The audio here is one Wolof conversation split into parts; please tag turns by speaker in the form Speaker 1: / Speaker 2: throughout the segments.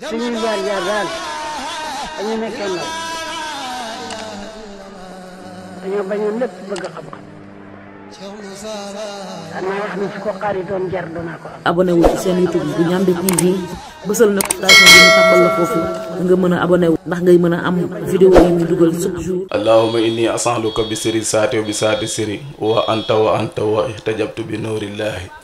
Speaker 1: suñuy jaar jaar daal dañu nekkee ndaw dañoo bañoon lépp bëgg xam-xam
Speaker 2: ko xaaritoon jar doonaa bi ñu tàmbal la foofu nga mën a abonné ndax ngay mën a am vidéo yi ñu dugal chaque jour. allahumma inni asaluka bi siri saati bi saati siri wa anta wa anta wa ihtajabtu bi nuurillahi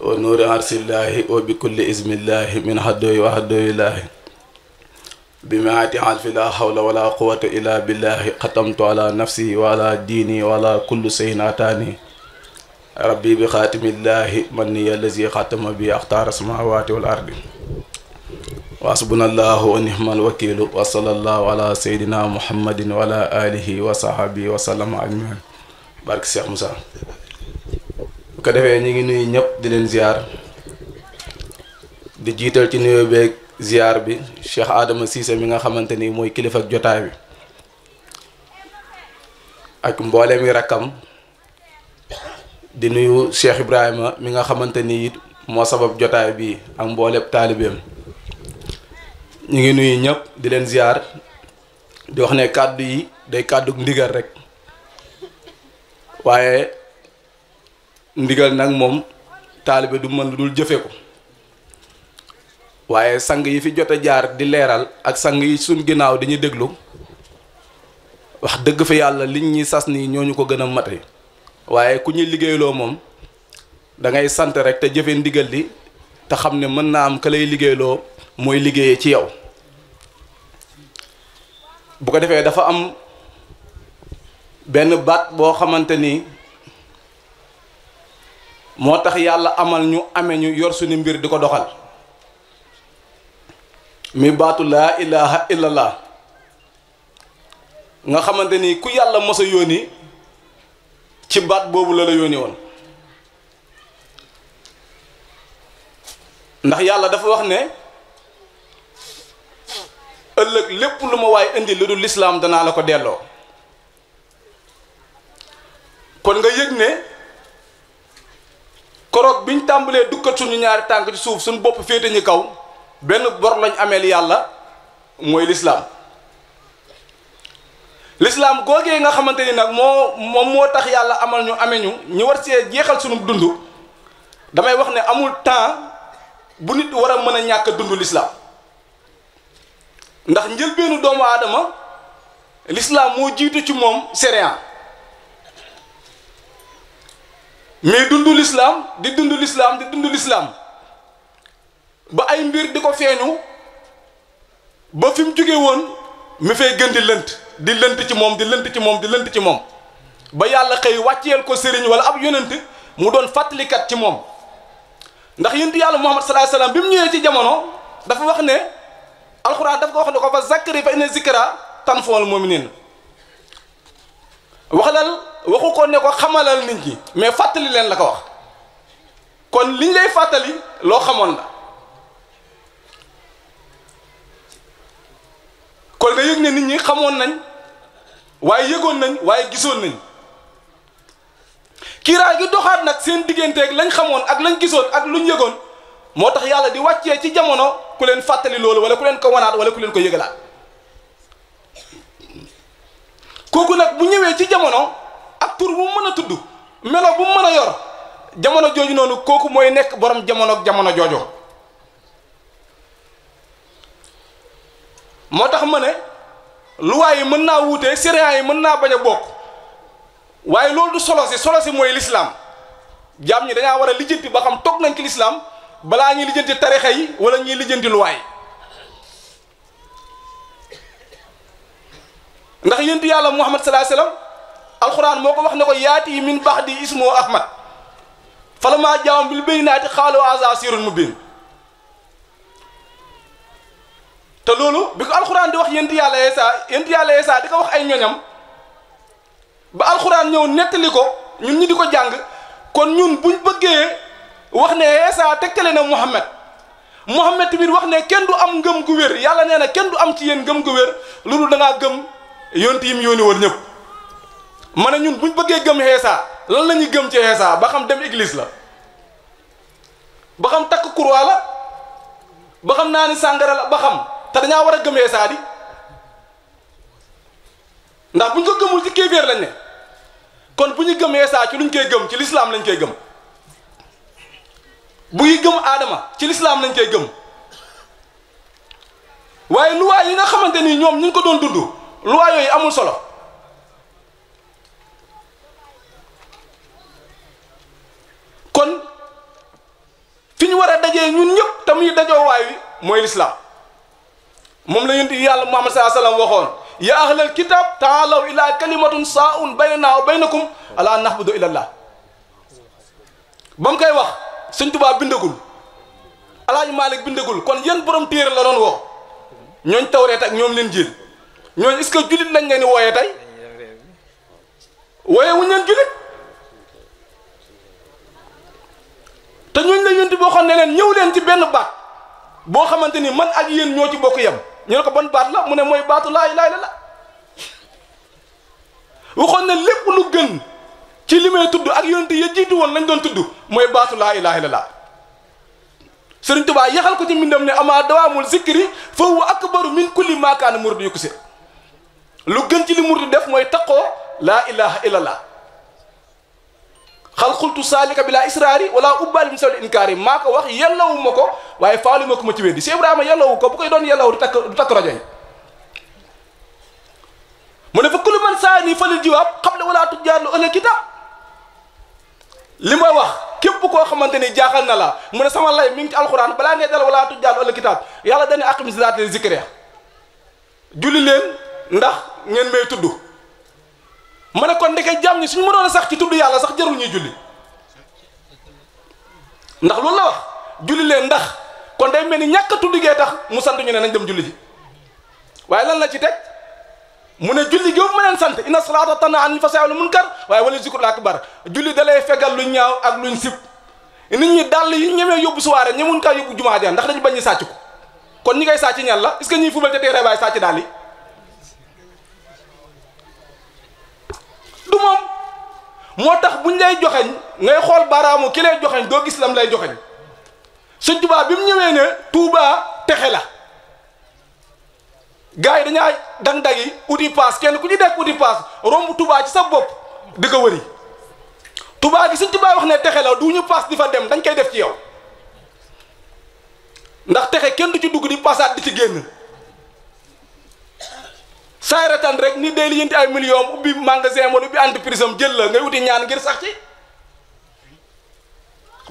Speaker 2: ونور عرس الله وبكل اسم الله من حدوي وحدوي الله بما اتعال لا حول ولا قوة إلا بالله ختمت على نفسي وعلى ديني وعلى كل سيناتاني ربي بخاتم الله مني الذي ختم بي أختار السماوات والأرض وحسبنا الله ونعم الوكيل وصلى الله على سيدنا محمد وعلى آله وصحبه وسلم أجمعين بارك الشيخ موسى ko defee ñu ngi nuyu ñëpp di leen ziar di jiital ci nuyoo beeg bi Cheikh Adama Cissé mi nga xamante ni mooy kilifa jotaay bi ak mboolem rakkam di nuyu Cheikh mi nga xamante ni it jotaay bi ak mboolem taalibeem ñu ngi nuyu ñëpp di leen ziar di wax ne kàddu yi day kàddu ndigal rek waaye ndigal nag moom taalibe du mën lu dul jëfe ko waaye sang yi fi jot a jaar di leeral ak sang yi suñ ginnaaw di ñu déglu wax dëgg fa yàlla liñ ñi sas nii ñooñu ko gën a mate waaye ku ñuy liggéeyloo moom dangay sant rek te jëfe ndigal li te xam ne mën naa am ka lay liggéeyloo mooy liggéeyee ci yow bu ko defee dafa am benn baat boo xamante ni moo tax yàlla amal ñu amee ñu yor suñu mbir di ko doxal mi baatu laa ilaha illallah nga xamante ni ku yàlla mos a yónni ci baat boobu la la yónni woon ndax yàlla dafa wax ne ëllëg lépp lu ma waaye indi lu dul lislaam danaa la ko delloo kon nga yëg ne bi ñu tàmbalee dukkat suñu ñaari tànk ci suuf suñu bopp féete ñu kaw benn bor lañ ameel yàlla mooy lislaam lislaam googee nga xamante ni nag moo moom moo tax yàlla amal ñu amee ñu ñu war see jeexal suñu dund damay wax ne amul temps bu nit war a mën a ñàkk dund lislaam ndax njëlbeenu doomu aadama lislaam moo jiitu ci moom séréan mais dundu lislaam di dundu lislaam di dundu lislaam ba ay mbir di ko feeñu ba fi mu jóge woon mi fay gën di lënt di lënt ci moom di lënt ci moom di lënt ci moom ba yàlla xëy wàcceel ko sëriñ wala ab yonent mu doon fàttalikat ci moom ndax yonentu yàlla muhammad sallallahu alayhi wasallam bi mu ñëwee ci jamono dafa wax ne alxuraan dafa ko wax ne ko fa zakkiri fa inna zikra tanfa'ul mu'minin waxalal waxu ko ne ko xamalal nit ñi mais fàttali leen la ko wax kon liñ lay fàttali loo xamoon la kon nga yëg ne nit ñi xamoon nañ waaye yëgoon nañ waaye gisoon nañ kiiraay gi doxaat nag seen digganteeg lañ xamoon ak lañ gisoon ak luñ yëgoon moo tax yàlla di wàccee ci jamono ku leen fàttali loolu wala ku leen ko wanaat wala ku leen ko yëgalaat kooku nag bu ñëwee ci jamono ak tur bu mën a tudd melo bu mën a yor jamono jooju noonu kooku mooy nekk borom jamono jamono joojoo moo tax ma ne luwaay yi mën naa wuute sériant yi mën naa bañ a bokk waaye loolu du solo si solo si mooy lislaam jaam ñi dañaa war a lijjanti ba xam toog nañ ci lislaam balaa ñuy lijjanti tarixa yi wala ñuy lijjanti luwaay ndax yéntu yàlla muhammad sallallahu salaa wasallam alquran moko wax ne ko yaati min baxdi ismu ahmad falammaa jaa'ahum bil bayyinaati khalu haazaa mubin mubiin te loolu bi ko alxuraan di wax yént yàlla isa yént yàlla isa di ko wax ay ñoñam ba alquran ñëw nettali ko ñun ñi di ko jàng kon ñun buñ bëgge wax ne isa tekkale na Muhammad Muhammad tamit wax ne kenn du am ngëm gu wér yàlla nee na kenn du am ci yéen ngëm gu wér loolu da ngaa gëm yont yim yónni woon ñëpp ma ne ñun buñ bëggee gëm xeesaa lan lañuy gëm ci xeesaa ba xam dem église la ba xam takk kurwa la ba xam naa ni sàngara la ba xam te dañaa war a gëm xeesaa di ndax buñ ko gëmul ci kéeféer lañ ne kon bu ñu gëm xeesaa ci luñ koy gëm ci lislaam lañ koy gëm bu ñu gëm aadama ci lislaam lañ koy gëm waaye luwaay yi nga xamante ni ñoom ñu ngi ko doon dund loi yooyu amul solo kon fi ñu war dajee ñun ñëpp te muy dajoo waay wi mooy lislaam moom la yonent yàlla Muhammad sallallahu alayhi wa sallam waxoon ya ahlal kitab taalaw ila kalimatun saa'un baynana wa baynakum ala nahbudu ilallah ba mu koy wax Sëñ Tuubaa bindagul Alaaji Maalik bindagul kon yan borom téere la doon woo ñooñ tawreet ak ñoom leen jël ñooñu est-ce jullit lañ leen di wooyee tey wooyee wuñ leen jullit te ñooñu la yonent boo xam ne leen ñëw leen ci benn baat boo xamante ni man ak yéen ñoo ci bokk yem ñu ne ko ban baat la mu ne mooy baatu laa la illallaah waxoon ne lépp lu gën ci li may tudd ak yonent ya jiitu woon lañ doon tudd mooy baatu laa ilaaha illallaah Sëriñ Tuubaa yaxal ko ci mbindam ne amaa dawaamul zikri fa huwa akbaru min kulli maakaana murdi yukkuse lu gën ci li murid def mooy taqoo laa ilaha illallah xal xultu saalika bi laa israari wala ubbaali bi sawli inkaari maa ko wax yellawu ma ko waaye faalu ma ko ma ci weddi si Ibrahima yellawu ko bu koy doon yellaw du takk du takk rajo yi mu ne fa kullu man saani falil jiwaab xam ne wala tujjaar lu ëllëg kitab li ma wax képp koo xamante ni jaaxal na la mu ne sama lay mi ngi ci alxuraan balaa ngay dal wala tujjaar lu ëllëg kitab yàlla dañuy aqim salaata ndax ngeen may tudd ma ne kon ndeke jàmm ñi suñu ma a sax ci tudd yàlla sax jarul ñuy julli ndax loolu la wax julli leen ndax kon day mel ni ñàkk a tudd gee tax mu sant ñu ne nañ dem julli ji waaye lan la ci teg mu ne julli gi ma leen sant inna salaata tanhaa anil fahshaa'i wal munkar waaye wala zikrul akbar julli dalay fegal lu ñaaw ak luñ sib nit ñi dàll yi ñemee yóbbu soirée ñemuñ kaa yóbbu jumaa ja ndax dañu bañ ñu sàcc ko kon du moom moo tax buñ lay joxeñ ngay xool baaraamu ki lay joxeñ doo gis lam lay joxeñ sëñ tubaa bi mu ñëwee ne Tuubaa texe la gaa yi dañaa dang-dagi uti paas kenn ku ci dekk uti paas romb Tuubaa ci sa bopp di ko wëri Tuubaa gi sëñ Tuubaa wax ne texe la du ñu paas di fa dem dañ koy def ci yow ndax texe kenn du ci dugg di paasaat di ci génn sayratan rek ni dee lijjanti ay million ubbi magasin wala ubbi entreprise am jël la ngay wuti ñaan ngir sax ci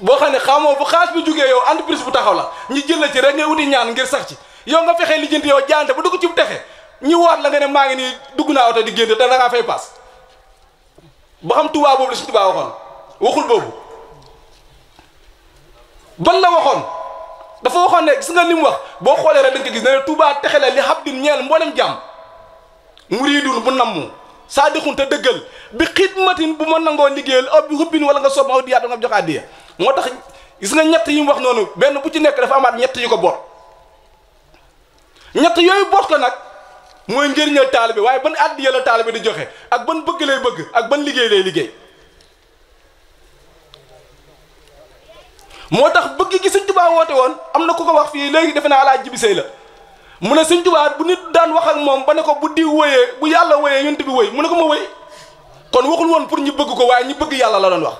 Speaker 2: boo xam ne xamoo bu xaas bi jógee yow entreprise bu taxaw la ñu jël la ci rek ngay wuti ñaan ngir sax ci yow nga fexee lijjanti yow jaante ba dugg ci bu texe ñu la nga ne maa ngi nii dugg naa oto di da ngaa fay paas xam tubaab boobu la suñu tubaab waxoon waxul boobu waxoon dafa waxoon ne nga li mu wax boo xoolee rek dañ ko gis ne ne tubaab texe la li xam di ñeel mboolem jàmm muriidun bu namm saadixun te dëggal bi xidmatin bu ma nangoo liggéeyal aw bi hubbin wala nga soob aw diyaat nga jox addiya moo tax gis nga ñett yi mu wax noonu benn bu ci nekk dafa amaat ñett yu ko boot ñett yooyu boot ko nag mooy njëriñal taalibe waaye ban addiya la taalibe di joxe ak ban bëgg lay bëgg ak ban liggéey lay liggéey moo tax bëgg gi Sëñ Tuubaa woote woon am na ku ko wax fii léegi defe naa Alaaji Jibi Sey la mu ne suñ tubaab bu nit daan wax ak moom ba ne ko bu diw wëyee bu yàlla wëyee yonent bi wëy mu ne ko ma wëy kon waxul woon pour ñu bëgg ko waaye ñi bëgg yàlla la doon wax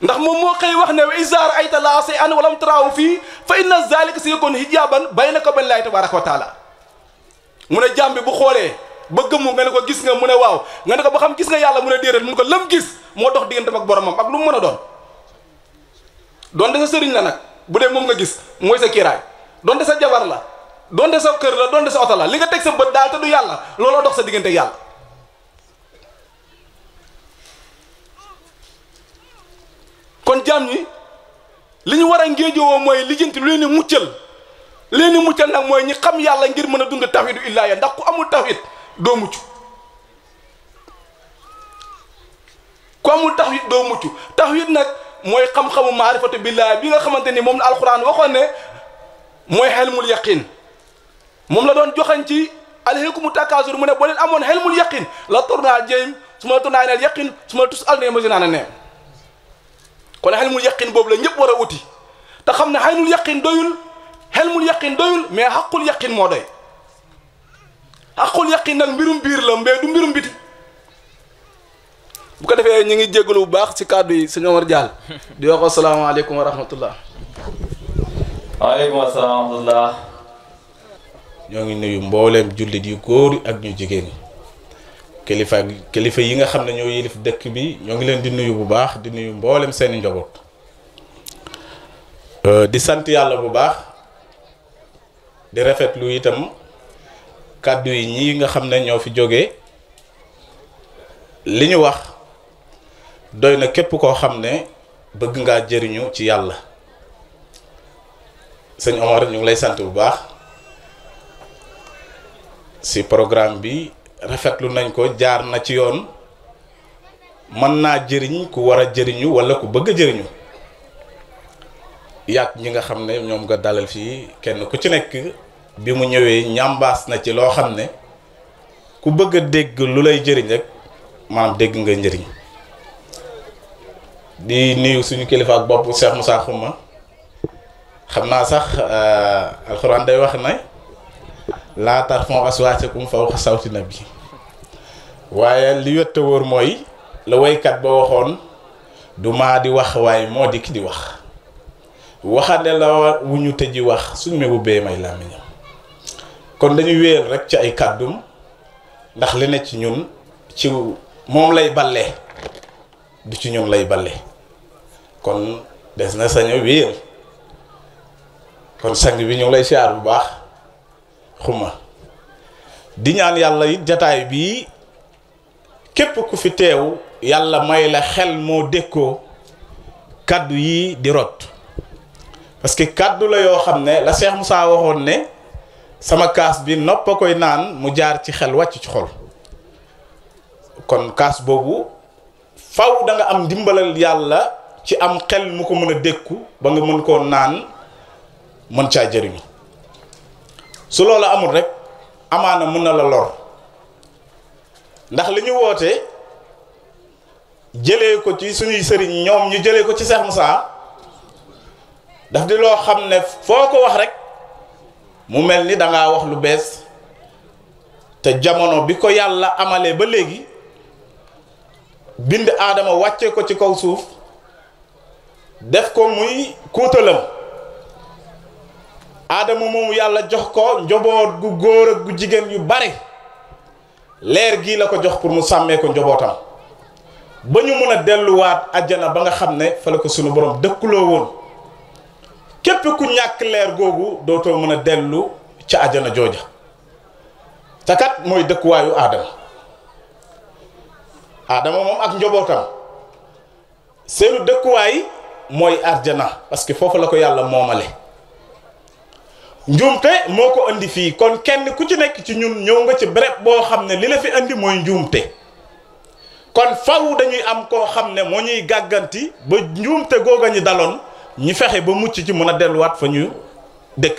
Speaker 2: ndax moom moo xëy wax ne wa isaar ayta laa say an walam taraaw fii fa inna zalika si yakun hijaban baynaka bayn laahi tabaraka wa taala mu ne jàmm bi bu xoolee ba gëmmu nga ne ko gis nga mu ne waaw nga ne ko ba xam gis nga yàlla mu ne déedéet mu ne ko lam gis moo dox diggantam ak boromam ak lu mu mën a doon donte sëriñ la nag bu dee moom nga gis mooy sa kiiraay donte sa jabar la donte sa kër la donte sa oto la li nga teg sa bët daal te du yàlla looloo dox sa diggante yàlla kon jaam ñi li ñu war a ngéejowoo mooy lijjanti lu leen di muccal li leen di muccal nag mooy ñi xam yàlla ngir mën a dund tawhidu illaa ya ndax ku amul tawit doo mucc ku amul tawhid doo mucc nag mooy xam-xamu maarifatu billaahi bi nga xamante ni moom la alxuraan waxoon ne mooy xelmul yaqiin moom la doon joxañ ci alhaakumu takaasur mu ne boo leen amoon xelmul yaqin la tornaal jéem su ma la tornaay neel yaqin su la tus al ne masi naa na ne kon xelmul yaqin boobu la ñëpp war a uti te xam ne xaynul yaqin doyul xelmul yaqin doyul mais xaqul yaqin moo doy xaqul yaqin nag mbirum biir la mbee du mbirum biti bu ko defee ñu ngi jégalu bu baax si kàddu yi sëñ Omar Diall di wax asalaamaaleykum wa rahmatullah
Speaker 1: waaleykum asalaam
Speaker 2: ñoo ngi nuyu mbooleem jullit yu góor ak ñu jigéen yi kilifa kilifa yi nga xam ne ñoo yilif dëkk bi ñoo ngi leen di nuyu bu baax di nuyu mbooleem seeni njaboot euh, di sant yàlla bu baax di rafetlu itam kàddu yi ñii nga xam ne ñoo fi jóge li ñu wax doy na képp koo xam ne bëgg ngaa jëriñu ci yàlla sëñ Omar ñu lay sant bu baax si program bi rafetlu nañ ko jaar na ci yoon man naa jëriñ ku war a jëriñu wala ku bëgg a jëriñu yàgg ñi nga xam ne ñoom nga dalal fi kenn ku ci nekk bi mu ñëwee ñambaas na ci loo xam ne ku bëgg a dégg lu lay jëriñ rek maanaam dégg nga njëriñ di nuyu suñu kilifa ak bopp Cheikh Moussa Xuma xam naa sax euh, alxuraan day wax nay laa tarfon aswaatakum fawqa sawti nabi waaye li wette wóor mooy la woykat ba waxoon du maa di wax waaye moo dikk di wax waxande la wu ñu tëji wax suñ mebu bee may làmmiñam kon dañuy wéer rekk ci ay kàddum ndax li ne ci ñun ci moom lay balle du ci ñun lay bale kon des na sañ a wéer kon sang bi ñu ngi lay siyaar bu baax xuma di ñaan yàlla it jataay bii képp ku fi teew yàlla may la xel moo dékkoo kàddu yi di rot parce que kàddu la yoo xam ne la seex Moussa waxoon ne sama kaas bi nopp a koy naan mu jaar ci xel wàcc ci xol kon kaas boobu faw da am ndimbalal yàlla ci am xel mu ko mën a dékku ba nga mën koo naan mën caa jëriñu su loolu amul rekk amaana mën na la lor ndax li ñu woote jëlee ko ci suñuy sëriñ ñoom ñu jëlee ko ci Cheikh Moussa daf di loo xam ne foo ko wax rek mu mel ni dangaa wax lu bees te jamono bi ko yàlla amalee ba léegi bind aadama wàcce ko ci kaw suuf def ko muy kuutalam aadama moomu yàlla jox ko njoboot gu góor ak gu jigéen yu bare leer gii la ko jox pour mu sàmmee ko njobootam ba ñu mën a delluwaat ajjana ba nga xam ne fa la ko sunu borom dëkkuloo woon képp ku ñàkk leer googu dootoo mën a dellu ca ajjana jooja te kat mooy dëkkuwaayu aadama aadama moom ak njobootam seenu dëkkuwaay mooy ajjana parce que foofu la ko yàlla moomale njuumte moo ko indi fii kon kenn ku ci nekk ci ñun ñëw nga ci béréb boo xam ne li la fi andi mooy njuumte kon faw dañuy am koo xam ne moo ñuy gàgganti ba njuumte googa ñu daloon ñu fexe ba mucc ci mun a delluwaat fa ñu dëkk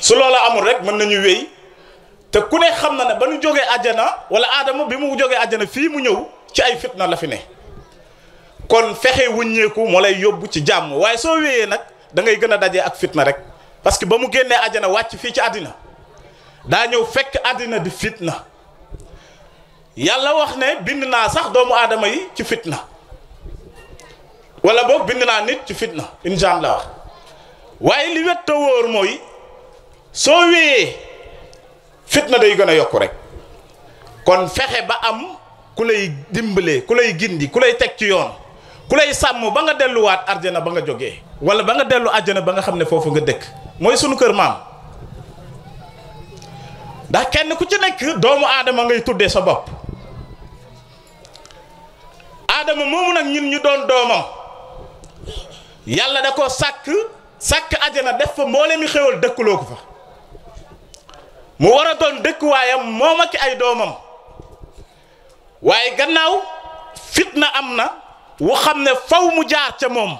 Speaker 2: su loola amul rek mën nañu wéy te ku ne xam na ne ba ñu jógee àjjana wala aadama bi mu jógee àjjana fii mu ñëw ci ay fitna la fi ne kon fexe wuññeeku moo lay yóbbu ci jàmm waaye soo wéyee nag. da ngay gën a dajee ak fitna rek parce que ba mu génnee àjjana wàcc fii ci àddina daa ñëw fekk àddina di fitna yàlla wax ne bind naa sax doomu aadama yi ci fitna wala boog bind naa nit ci fitna injaan la wax waaye li wet te mooy soo wéyee fitna day gën a yokku rek kon fexe ba am ku lay dimbalee ku lay gindi ku lay teg ci yoon ku lay sàmm ba nga delluwaat arjana ba nga jógee wala ba nga dellu àjjana ba nga xam ne foofu nga dëkk mooy sunu kër maam ndax kenn ku ci nekk doomu aadama ngay tuddee sa bopp aadama moomu nag ñun ñu doon doomam yàlla da ko sàkk sàkk àjjana def fa mboolemi xéwal dëkkuloo ko fa mu war a doon dëkkuwaayam moom ak ay doomam waaye gannaaw fit na am na wu xam ne faw mu jaar ca moom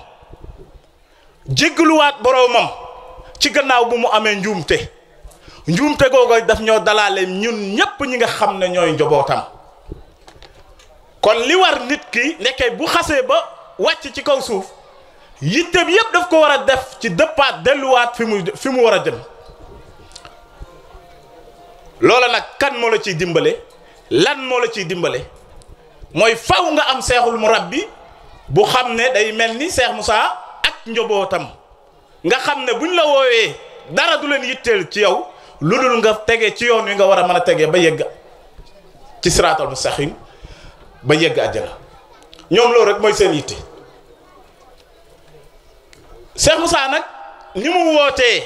Speaker 2: jéggaluwaat boroomam ci gannaaw bi mu amee njuumte njuumte googu daf ñoo dalaale ñun ñépp ñi nga xam ne ñooy njobootam kon li war nit ki nekkee bu xasee ba wàcc ci kaw suuf yitteem yépp daf ko war a def ci dëppaat delluwaat fi mu fi mu war a jëm loola nag kan moo la ciy dimbale lan moo la ciy dimbale mooy faw nga am seexul bi bu xam ne day mel ni Seex Musaa njobootam nga xam ne buñ la woowee dara du leen yitteel ci yow lu dul nga tege ci yoon wi nga war a mën a tegee ba yegg ci siraatal mustaqim ba yegg àjjana ñoom loolu rek mooy seen yitte Cheikh saa nag ni mu wootee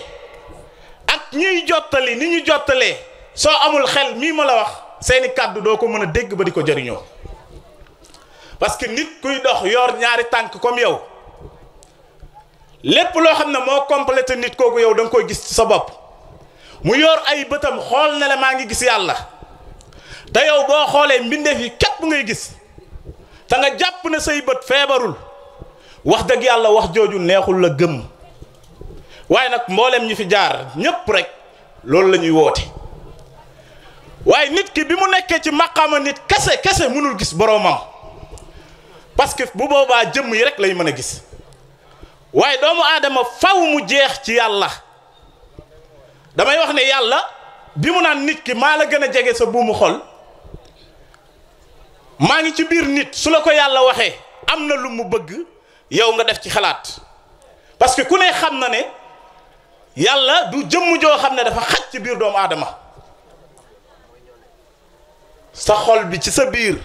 Speaker 2: ak ñuy jottali ni ñu jottalee soo amul xel mii ma la wax seeni kàddu doo ko mën a dégg ba di ko jëriñoo parce que nit kuy dox yor ñaari tànk comme yow lépp loo xam ne moo te nit kooku yow da nga koy gis ci sa bopp mu yor ay bëtam xool ne maa ngi gis yàlla te yow boo xoolee mbindeef yi képp ngay gis te nga jàpp ne say bët feebarul wax dëgg yàlla wax jooju neexul la gëmm waaye nag mboolem ñi fi jaar ñépp rek loolu la ñuy woote waaye nit ki bi mu nekkee ci maqaama nit kese kese mënul gis boroomam parce que bu boobaa jëmm yi rek lay mën a gis waaye doomu aadama faw mu jeex ci yàlla damay wax ne yàlla bi mu naan nit ki maa la gën a jege sa buumu xol maa ngi ci biir nit su la ko yàlla waxee am na lu mu bëgg yow nga def ci xalaat parce que ku ne xam na ne yàlla du jëmm joo xam ne dafa xaj ci biir doomu aadama sa xol bi ci sa biir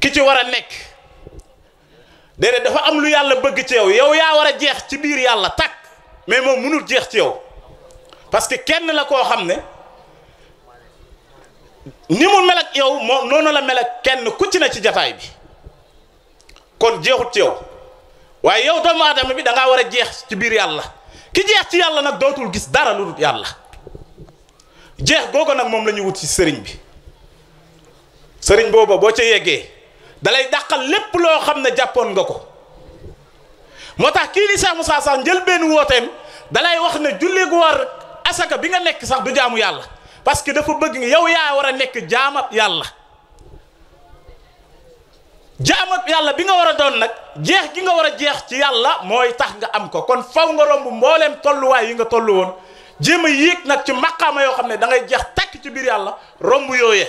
Speaker 2: ki ci war a nekk déedéet dafa am lu yàlla bëgg ci yow yow ya wara jeex ci biir yàlla tak mais moom mënul jeex ci yow parce que kenn la ko xamne ni mu melak yow moo la melak kenn ku ci na ci jafay bi kon jeexut ci yow waye yow doomu adam bi da nga wara jeex ci biir yàlla ki jeex ci yàlla nak dootul gis dara lu dul yàlla jeex gogo nak mom lañu wut ci serigne bi serigne booba bo ci yeggee. dalay dàqal lépp loo xam ne jàppoon nga ko moo tax kii li Cheikh Moussa sax njëlbéenu wooteem dalay wax ne julli gu war asaka bi nga nekk sax du jaamu yàlla parce que dafa bëgg yow yaa war a nekk jaamab yàlla jaamab yàlla bi nga war a doon nag jeex gi nga war a jeex ci yàlla mooy tax nga am ko kon faw nga romb mbooleem tolluwaay yi nga tollu woon jéem a yéeg nag ci maqaama yoo xam ne da ngay jeex takk ci biir yàlla romb yooyee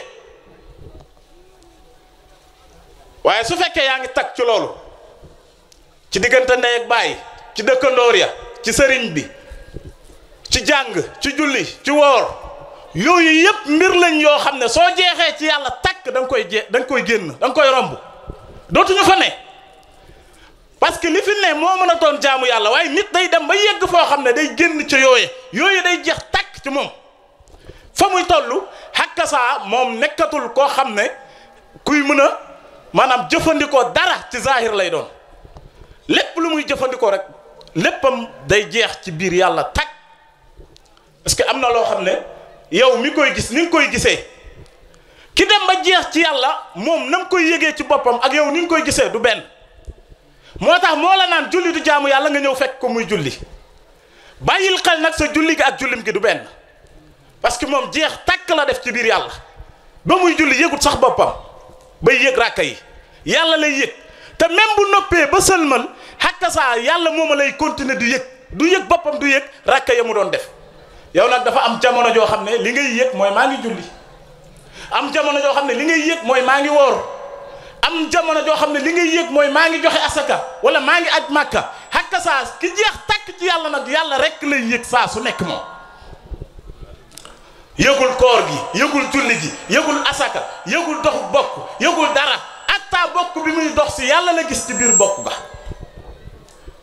Speaker 2: waaye su fekkee yaa ngi tag ci loolu ci diggante ndey ak baay ci dëkkandoor ya ci sëriñ bi ci jàng ci julli ci woor yooyu yëpp mbir lañ yoo xam ne soo jeexee ci yàlla takk da koy je da koy génn da koy romb dootuñu fa ne parce que li fi ne moo mën a doon jaamu yàlla waaye nit day dem ba yegg foo xam ne day génn ci yooye yooyu day jeex takk ci moom fa muy toll xàkka moom nekkatul koo xam ne kuy mën a maanaam jëfandikoo dara ci zahir lay doon lépp lu muy jëfandikoo rek léppam day jeex ci biir yàlla tag parce que am na loo xam ne yow mi koy gis ni koy gisee ki dem ba jeex ci yàlla moom na koy yëgee ci boppam ak yow ni koy gisee du benn moo tax moo la naan julli du jaamu yàlla nga ñëw fekk ko muy julli bàyyil xel nag sa julli gi ak jullim gi du benn parce que moom jeex tàkk la def ci biir yàlla ba muy julli yëgut sax boppam. bay yëg ràkka yi yàlla lay yëg te même bu noppee ba sëlmal xakka saa yàlla mooma lay continuer di yëg du yëg boppam du yëg ràkka ya mu doon def yow nag dafa am jamono joo xam ne li ngay yëg mooy maa ngi julli am jamono joo xam ne li ngay yëg mooy maa ngi woor am jamono joo xam ne li nga yëg mooy maa ngi joxe asaka wala maa ngi aj màkka xakka saa ki jeex tàkk ci yàlla nag yàlla rek lay yëg saa su nekk moom yëgul koor gi yëgul julli yëgul asaka yëgul dox bokk yëgul dara hatta bokk bi muy dox si yàlla la gis ci biir bokk ba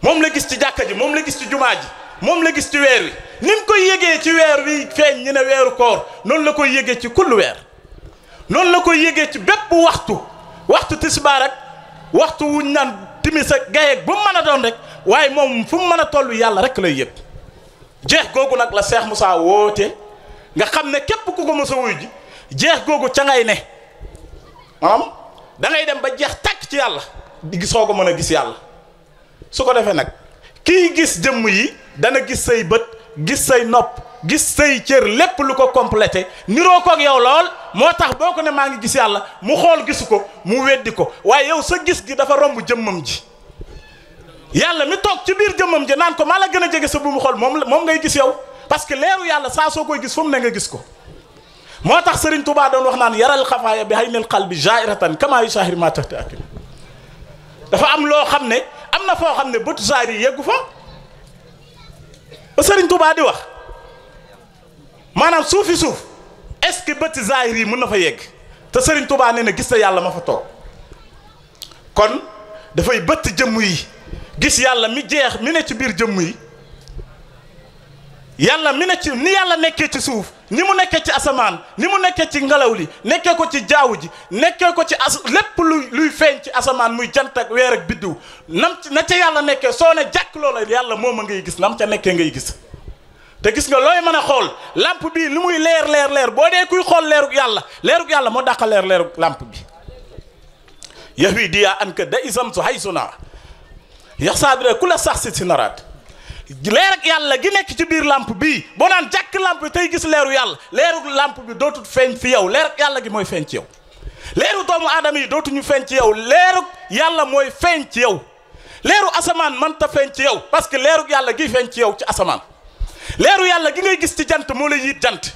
Speaker 2: moom la gis ci jàkka ji moom la gis ci jumaa ji moom la gis ci weer wi ni mu koy yëgee ci weer wi feeñ ñu ne weeru koor noonu la koy yëgee ci kullu weer noonu la koy yëgee ci bépp waxtu waxtu tisbaar ak waxtu wuñ nan timis ak gaye bu mu mën a doon rek waaye moom fu mu mën a toll yàlla rek lay yëg jeex googu nag la seex Cheikh Moussa woote. nga xam ne képp ku ko mos a wuy ji jeex googu ca ngay ne maanaam da ngay dem ba jeex tàkk ci yàlla di gisoo ko mën a gis yàlla su ko defee nag kiy gis jëmm yi dana gis say bët gis say nopp gis say cër lépp lu ko complété niroo koog yow lool moo tax boo ko ne maa ngi gis yàlla mu xool gisu ko mu weddi ko waaye yow sa gis gi dafa romb jëmmam ji yàlla mi toog ci biir jëmmam ji naan ko maa la gën a jege sa bu mu xool moom moom ngay gis yow parce que leeru yàlla sa soo koy gis fum ne nga gis ko motax Serigne Touba don wax nan yaral khafaya bi xay qalbi jairatan kama yu ma taxte akim dafa am lo xamne amna fo xamne foo xam yegu fa Serigne Touba di wax manam soufi souf est-ce que bëti zaahir mën na fa yegg te Serigne Touba nee na gis na yàlla ma fa tok kon da fay beut jëmm yi gis yàlla mi jeex mi ne ci bir jëmm yi yàlla mi ne ci ni yàlla nekkee ci suuf ni mu nekkee ci asamaan ni mu nekkee ci ngelaw li nekkee ko ci jaawu ji nekkee ko ci as lépp luy luy feeñ ci asamaan muy jant ak weer ak biddiw nam ci ca yàlla nekkee soo ne jàkk yàlla moom a ngay gis nam ca nekkee ngay gis te gis nga looy mën a xool lampe bii lu muy leer leer leer boo dee kuy xool leeruk yàlla leeruk yàlla moo dàqa leer leeruk lampe bi yahwi diyaa an ka da isam su hay su naa yax saa bi ku la sax si si naraat leer ak yàlla gi nekk ci biir làmp bii boo naan jàkk làmp bi tey gis leeru yàlla leeru làmp bi dootul feeñ fi yow leer ak yàlla gi mooy feeñ ci yow leeru doomu aadama yi dootuñu feeñ ci yow leeru yàlla mooy feeñ ci yow leeru asamaan mënta feeñ ci yow parce que leeru yàlla gi feeñ ci yow ci asamaan leeru yàlla gi ngay gis ci jant moo lay yit jant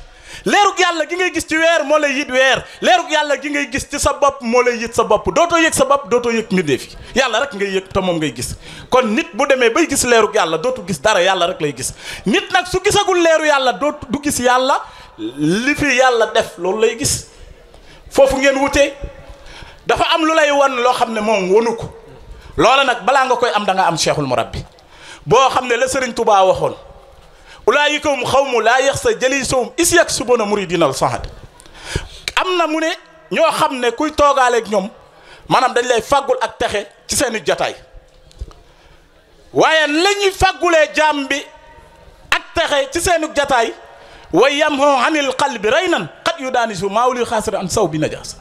Speaker 2: leerug yàlla gi ngay gis ci weer moo lay yit weer leerug yàlla gi ngay gis ci sa bopp moo lay yit sa bopp dootoo yëg sa bopp dootoo yëg mbindeef yi yàlla rek ngay yëg te moom ngay gis kon nit bu demee bay gis leerug yàlla dootu gis dara yàlla rek lay gis nit nag su gisagul leeru yàlla dootu du gis yàlla li fi yàlla def loolu lay gis foofu ngeen wutee dafa am lu lay wan loo xam ne moom wanu ko loola nag balaa nga koy am da nga am cheikhul murabbi boo xam ne la Sëriñ Tubaa waxoon ulaayika hum xawmu laa yax sa jëlisawum is yag subona muridina al sahad am na mu ne ñoo xam ne kuy toogaaleeg ñoom maanaam dañ lay fàggul ak texe ci seeni jataay waaye la ñuy fàggulee jaam bi ak texe ci seeni jataay wa yamhu anil qalbi raynan qad yudaanisu maawli xaasira an saw bi najaasa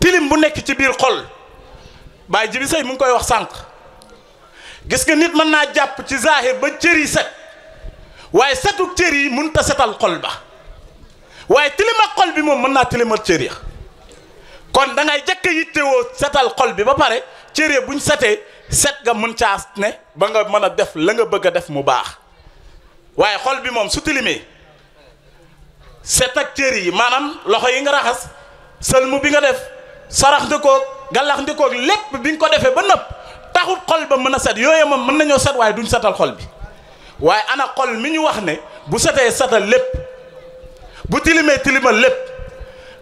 Speaker 2: tilim bu nekk ci biir xol bàyyi ji bi sëy mu ngi koy wax sànq gis nga nit mën naa jàpp ci zaahir ba cëri set waye setuk cër yi mënut a setal xol ba waye tilima xol bi mom mën na tilima cër ya kon da ngay jëkk wo setal xol bi ba pare cër buñ seté set ga mën ta ne ba nga mën def la nga bëgg def mu baax waye xol bi mom su tilimee set ak cër yi loxo yi nga raxas sëlmu bi nga def sarax ndikoog galax ndikoog lépp biñ ko defé ba nopp taxut xol ba mën set yooyu moom mën set waye duñ setal xol bi waye ana xol miñu wax ne bu sété sata lépp bu tilimé tilima lépp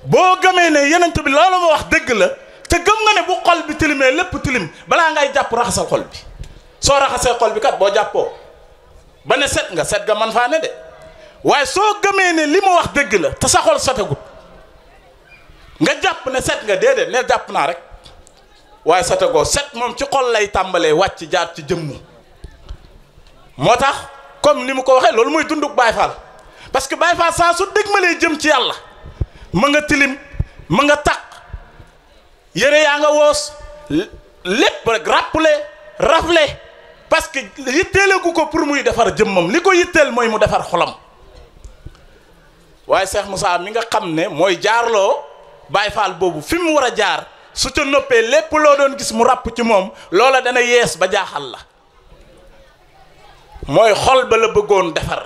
Speaker 2: bo gëmé ne yenente bi loolu mo wax dëgg la te gëm nga ne bu xol bi tilimé lépp tilim bala ngay jàpp raxasal xol bi soo raxasee xol bi kat bo jappo ba ne set nga set ga man fa ne de waye so gëmé ne limu wax dëgg la te sa xol sata gu nga jàpp ne set nga dédé ne jàpp na rek waye sata go set mom ci xol lay tambalé wàcc jaar ci jëmm moo tax comme ni mu ko waxee loolu mooy dunduk Baay Faal parce que Baay Faal saa su dëgmalee jëm ci yàlla ma nga tilim ma nga taq yére yaa nga woos lépp rek rappelé raflé parce que yitteeleku ko pour muy defar jëm moom li ko yitteel mooy mu defar xolom waaye Cheikh Moussa mi nga xam ne mooy jaarloo Baay Faal boobu fi mu war a jaar su ca noppee lépp loo doon gis mu ràpp ci moom loola dana yees ba jaaxal la moy xol ba la bëggoon defar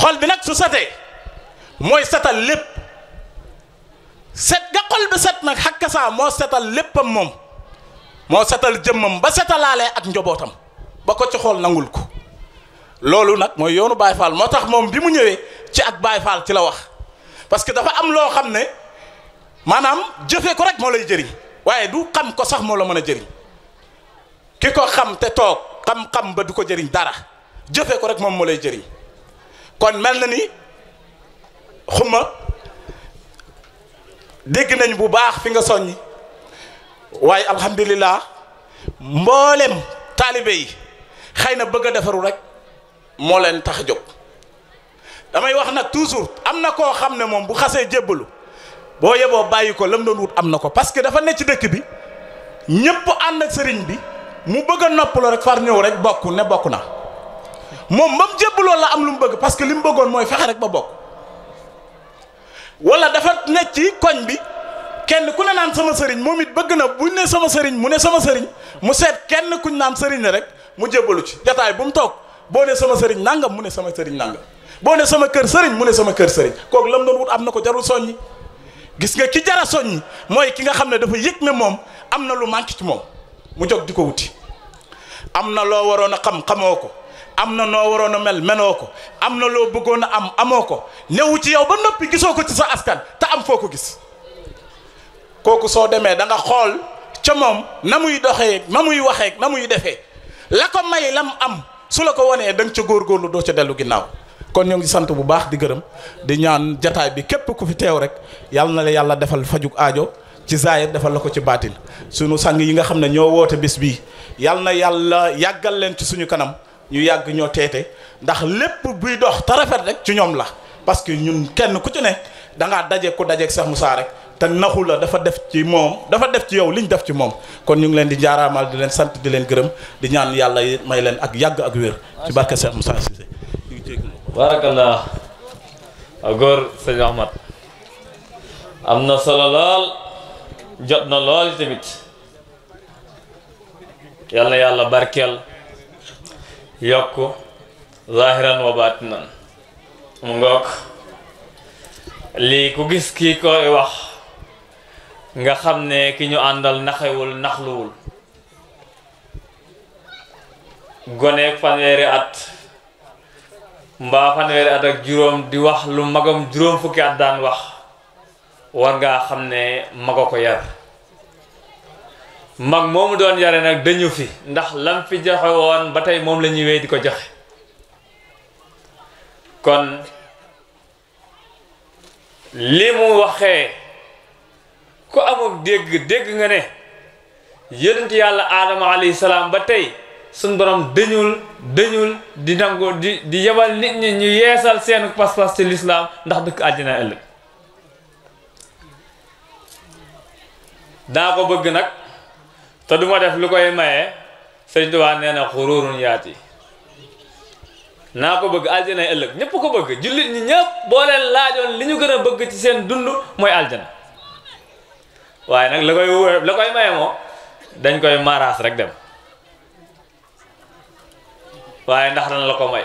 Speaker 2: xol bi nak su saté moy satal lépp set ga xol bi set nak xakka mo satal setal léppam moom moo setal jëmmam ba satalale ak njobotam ba ko ci xol nangul ko lolou nak moy yoonu Baye Fall motax mom bi mu ñëwé ci ak Baye Fall ci la wax parce que dafa am lo xamné manam jëfé ko rek mo lay jëri waye du xam ko sax mo la mëna jëri kiko xam te tok xam-xam ba du ko jëriñ dara jëfee ko rek moom moo lay jëriñ kon mel na ni xuma dégg nañu bu baax fi nga soññ waaye alhamdulilah mboolem taalibe yi xëy na bëgg a defaru rek moo leen tax jóg damay wax nag toujours am na koo xam ne moom bu xasee jébbalu boo yeboo bàyyi ko lam doon wut am na ko parce que dafa ne ci dëkk bi ñëpp ànd ak sëriñ bi mu bëgg a noppalu rek far ñëw rek bokku ne bokku na moom ba mu jébbaloo la am lu mu bëgg parce que li mu bëggoon mooy fexe rek ba bokk wala dafa nekk ci koñ bi kenn ku ne naan sama sëriñ moom it bëgg na buñ ne sama sëriñ mu ne sama sëriñ mu seet kenn kuñ naan sëriñ rek mu jébbalu ci jataay bu mu toog boo ne sama sëriñ nangam mu ne sama sëriñ nangam boo ne sama kër sëriñ mu ne sama kër sëriñ kooku lam doon wut am na ko jarul soññi gis nga ki jara soññi mooy ki nga xam ne dafa yëg ne moom am na lu manqué ci moom. mu jog di ko wuti am na loo waroon a xam xamoo ko am na noo waroon a mel menoo ko am na loo bëggoon a am amoo ko newu ci yow ba noppi gisoo ko ci sa askan te am foo ko gis kooku soo demee da nga xool ca moom na muy doxee na muy waxee na muy defee la ko may lam am su la ko wanee da ca góor góorlu doo ca dellu ginnaaw kon ñoo ngi sant bu baax di gërëm di ñaan jataay bi képp ku fi teew rek yàlla na la yàlla defal fajuk aajo ci zaahir defal la ko ci baatil suñu sang yi nga xam ne ñoo woote bis bii yal na yàlla yàggal leen ci suñu kanam ñu yàgg ñoo teete ndax lépp buy dox te rafet rek ci ñoom la parce que ñun kenn ku ci ne da daje ku dajeek Cheikh Moussa rek te naxula dafa def ci moom dafa def ci yow liñ def ci moom kon ñu ngi leen di jaaraamal di leen sant di leen gërëm di ñaan yàlla may leen ak yàgg ak wér ci barke Cheikh Moussa Cissé
Speaker 1: baarakallah góor sëñ Ahmad am na solo lool jot na tamit yalla yalla barkel yokk zahiran wa batinan ngok li ku gis ki ko wax nga xamne ki ñu andal naxewul naxluul gone fanweeri at mba fanweeri at ak juróom di wax lu magam juróom fukki at daan wax war ngaa xam ne maga ko yar mag moomu doon yare nag dañu fi ndax lam fi joxe woon ba tey moom la ñuy di ko joxe kon li mu waxee ku amul dégg dégg nga ne yonent yàlla aadama alayhi salaam ba tey suñ borom dañul dañul di nangu di di yebal nit ñi ñu yeesal seen pas-pas ci lislaam ndax dëkk àddina ëllëg da ko bëgg nak te duma def lu koy maye serigne touba neena na xururun yaati naa ko bëgg aljana ëlëk ñepp ko bëgg jullit ñi ñepp bo leen laajoon li ñu gëna bëgg ci seen dund moy aljana waye nak la koy la koy maye mo dañ koy maras rek dem waye ndax dañ la ko may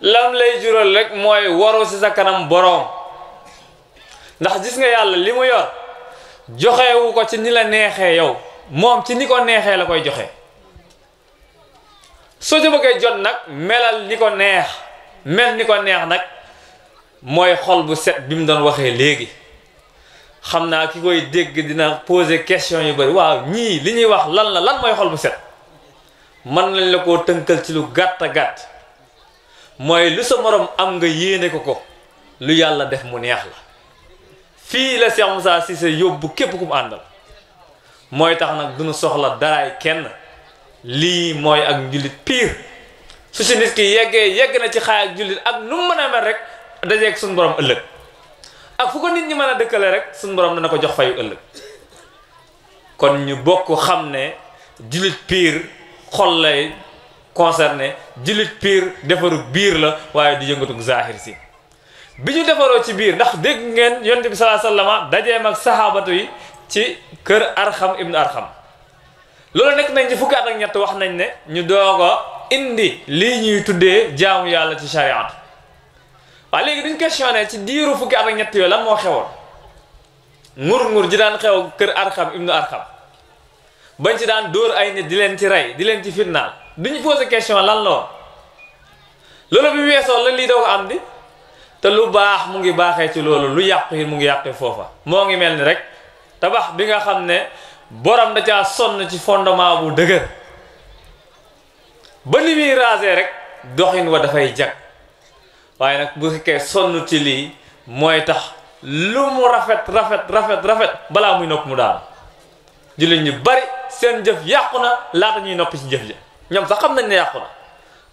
Speaker 1: lam lay jural rek moy waro ci sa kanam borom ndax gis nga yalla limu yor joxewu ko ci ni la neexee yow moom ci ni ko neexee la koy joxe soo ci bëggee jot nag melal ni ko neex mel ni ko neex nag mooy xol bu set bi mu doon waxee léegi xam naa ki koy dégg dina poser question yu bari waaw ñii li ñuy wax lan la lan mooy xol bu set mën nañ la ko tënkal ci lu gàtt a gàtt mooy lu sa moroom am nga yéene ko ko lu yàlla def mu neex la fii la Cheikh si Cissé yóbbu képp ku mu àndal mooy tax nag duñu soxla daraay kenn lii mooy ak njullit piir su si nit ki yeggee yegg na ci xaay ak jullit ak nu mu mën a mel rek da dajeeg suñu borom ëllëg ak fu ko nit ñi mën a dëkkale rek suñu borom dana ko jox fayu ëllëg kon ñu bokk xam ne jullit piir xol lay concerné jullit pire defaru biir la waaye du yëngatu zaahir si bi ñu defaroo ci biir ndax dégg ngeen yonent bi salaa sallama dajeem ak saxaabatu yi ci kër arxam ibnu arxam loolu nekk nañ ci fukki at ak ñett wax nañ ne ñu doog a indi lii ñuy tuddee jaamu yàlla ci shariat waaye léegi duñ questionné ci diiru fukki at ak ñett yooyu lan moo xewoon ngur-ngur ji daan xew kër arxam ibnu arxam bañ ci daan dóor ay nit di leen ci rey di leen ci fitnaal duñu posé question lan la woon loolu bi weesoo la lii doog a am di te lu baax mu ngi baaxee ci loolu lu yàqu yi mu ngi yàqee foofa moo ngi mel ni rek tabax bi nga xam ne borom da caa sonn ci fondement bu dëgër ba ni muy raser rek doxin wa dafay jag waaye nag bu fekkee sonn ci lii mooy tax lu mu rafet rafet rafet rafet balaa muy nopp mu daal jullit ñu bari seen jëf yàqu na laata ñuy noppi ci jëf ja ñoom sax xam nañ ne yàqu na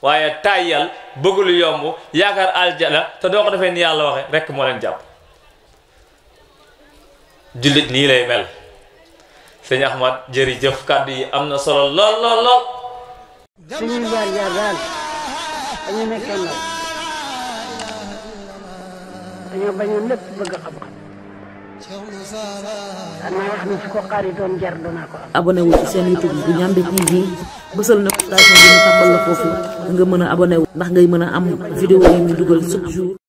Speaker 1: waye tayal beugul yomb yaakar aljala te doo ko defee ni yalla waxe rek mo len japp julit ni lay mel sëñ Ahmad jeri jeuf kaddu yi amna solo lol lol lol suñuy jaar jaar daal dañu nekkee ndaw dañoo bañoon lépp bëgg xam-xam naa wax ni
Speaker 2: su ko xaari doon jar danaa ko am. abonné seen YouTube bu Ndiamé TV bësal notification bi ñu tàmbal la foofu nga mën a abonné ndax ngay mën a am vidéo yi ñu dugal chaque jour.